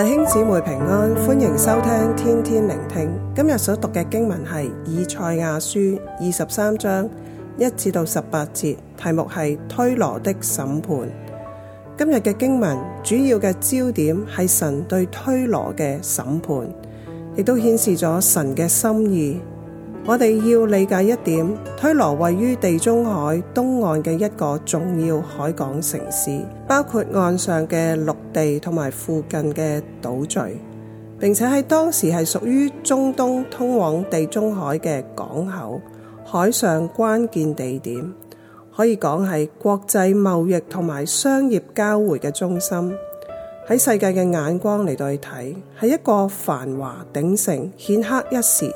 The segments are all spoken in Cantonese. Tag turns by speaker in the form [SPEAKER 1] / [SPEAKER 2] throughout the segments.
[SPEAKER 1] 弟兄姊妹平安，歡迎收聽天天靈聽。今日所讀嘅經文係以賽亞書二十三章一至到十八節，題目係推羅的審判。今日嘅經文主要嘅焦點係神對推羅嘅審判，亦都顯示咗神嘅心意。我哋要理解一點，推羅位於地中海東岸嘅一個重要海港城市，包括岸上嘅陸地同埋附近嘅島嶼，並且喺當時係屬於中東通往地中海嘅港口、海上關鍵地點，可以講係國際貿易同埋商業交匯嘅中心。喺世界嘅眼光嚟到去睇，係一個繁華鼎盛、顯赫一時。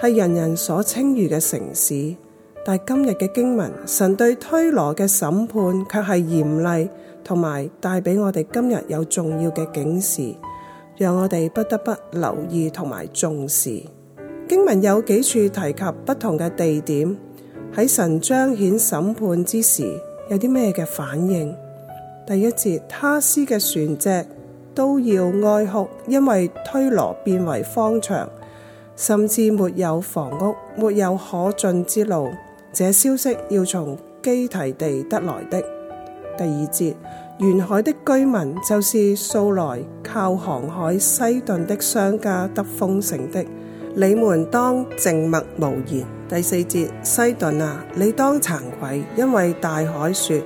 [SPEAKER 1] 係人人所稱譽嘅城市，但今日嘅經文，神對推羅嘅審判卻係嚴厲，同埋帶俾我哋今日有重要嘅警示，讓我哋不得不留意同埋重視。經文有幾處提及不同嘅地點，喺神彰顯審判之時，有啲咩嘅反應？第一節，他施嘅船隻都要哀哭，因為推羅變為荒場。甚至沒有房屋，沒有可進之路。這消息要從基提地得來的。第二節，沿海的居民就是素來靠航海西頓的商家得豐盛的。你們當靜默無言。第四節，西頓啊，你當慚愧，因為大海説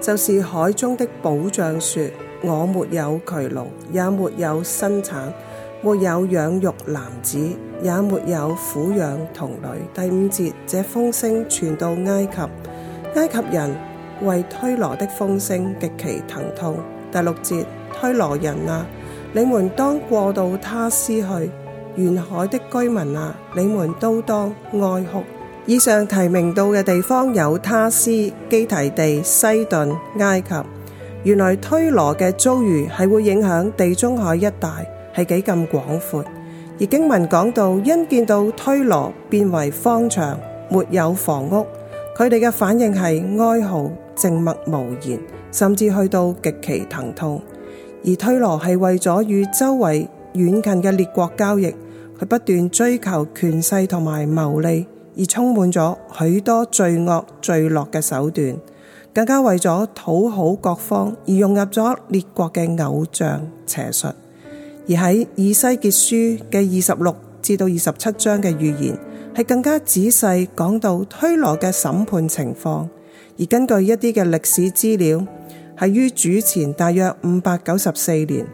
[SPEAKER 1] 就是海中的保障説，我沒有劬勞，也沒有生產。沒有養育男子，也沒有撫養童女。第五節，這風聲傳到埃及，埃及人為推羅的風聲極其疼痛。第六節，推羅人啊，你們當過到他施去；沿海的居民啊，你們都當哀哭。以上提名到嘅地方有他施、基提地、西頓、埃及。原來推羅嘅遭遇係會影響地中海一帶。係幾咁廣闊，而經文講到，因見到推羅變為荒場，沒有房屋，佢哋嘅反應係哀號、靜默無言，甚至去到極其疼痛。而推羅係為咗與周圍遠近嘅列國交易，佢不斷追求權勢同埋謀利，而充滿咗許多罪惡墮落嘅手段，更加為咗討好各方而融入咗列國嘅偶像邪術。而喺以西結書嘅二十六至到二十七章嘅預言，係更加仔細講到推羅嘅審判情況。而根據一啲嘅歷史資料，係於主前大約五百九十四年，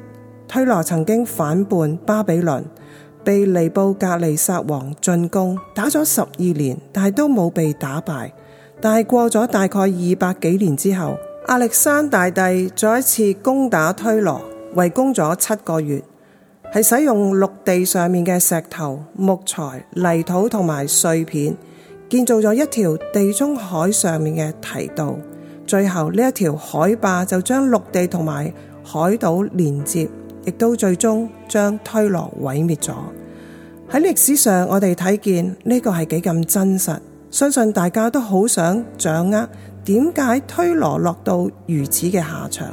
[SPEAKER 1] 推羅曾經反叛巴比倫，被尼布甲尼撒王進攻，打咗十二年，但係都冇被打敗。但係過咗大概二百幾年之後，亞歷山大帝再一次攻打推羅，圍攻咗七個月。係使用陸地上面嘅石頭、木材、泥土同埋碎片建造咗一條地中海上面嘅堤道，最後呢一條海霸就將陸地同埋海島連接，亦都最終將推羅毀滅咗。喺歷史上，我哋睇見呢個係幾咁真實，相信大家都好想掌握點解推羅落到如此嘅下場，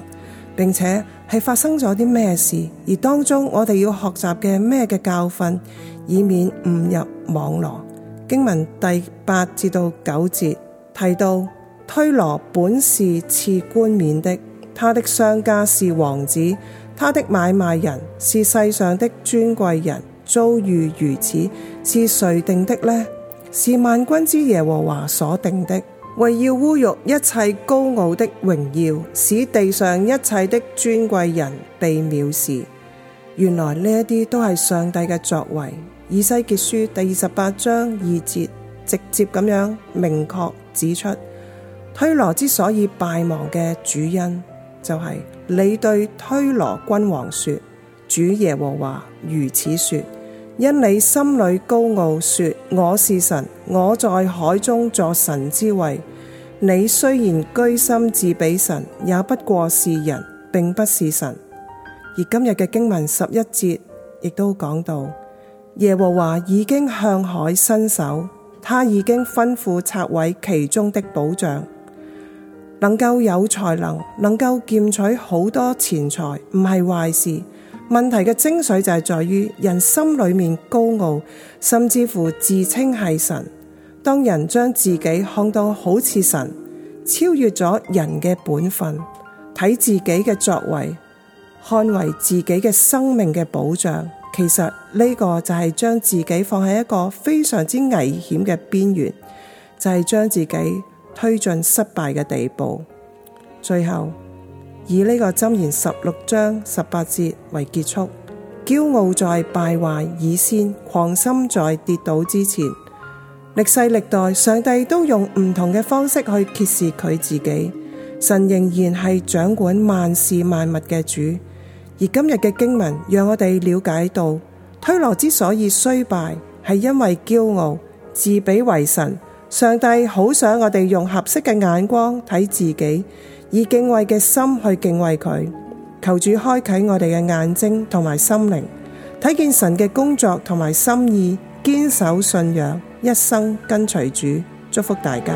[SPEAKER 1] 並且。係發生咗啲咩事？而當中我哋要學習嘅咩嘅教訓，以免誤入網羅。經文第八至到九節提到，推羅本是賜冠冕的，他的商家是王子，他的買賣人是世上的尊貴人，遭遇如此，是誰定的呢？是萬軍之耶和華所定的。為要污辱一切高傲的榮耀，使地上一切的尊貴人被藐視。原來呢一啲都係上帝嘅作為。以西結書第二十八章二節直接咁樣明確指出，推羅之所以敗亡嘅主因，就係你對推羅君王說：主耶和華如此說，因你心裏高傲說，說我是神，我在海中坐神之位。你雖然居心自比神，也不過是人，並不是神。而今日嘅經文十一節亦都講到，耶和華已經向海伸手，他已經吩咐拆毀其中的保障。能夠有才能，能夠賺取好多錢財，唔係壞事。問題嘅精髓就係在於人心裏面高傲，甚至乎自稱係神。當人將自己看到好似神，超越咗人嘅本分，睇自己嘅作為，看為自己嘅生命嘅保障，其實呢個就係將自己放喺一個非常之危險嘅邊緣，就係將自己推進失敗嘅地步。最後以呢個箴言十六章十八節為結束：驕傲在敗壞以先，狂心在跌倒之前。歷世歷代，上帝都用唔同嘅方式去揭示佢自己。神仍然係掌管萬事萬物嘅主。而今日嘅經文讓我哋了解到，推羅之所以衰敗，係因為驕傲、自比為神。上帝好想我哋用合適嘅眼光睇自己，以敬畏嘅心去敬畏佢。求主開啟我哋嘅眼睛同埋心靈，睇見神嘅工作同埋心意，堅守信仰。一生跟隨主，祝福大家。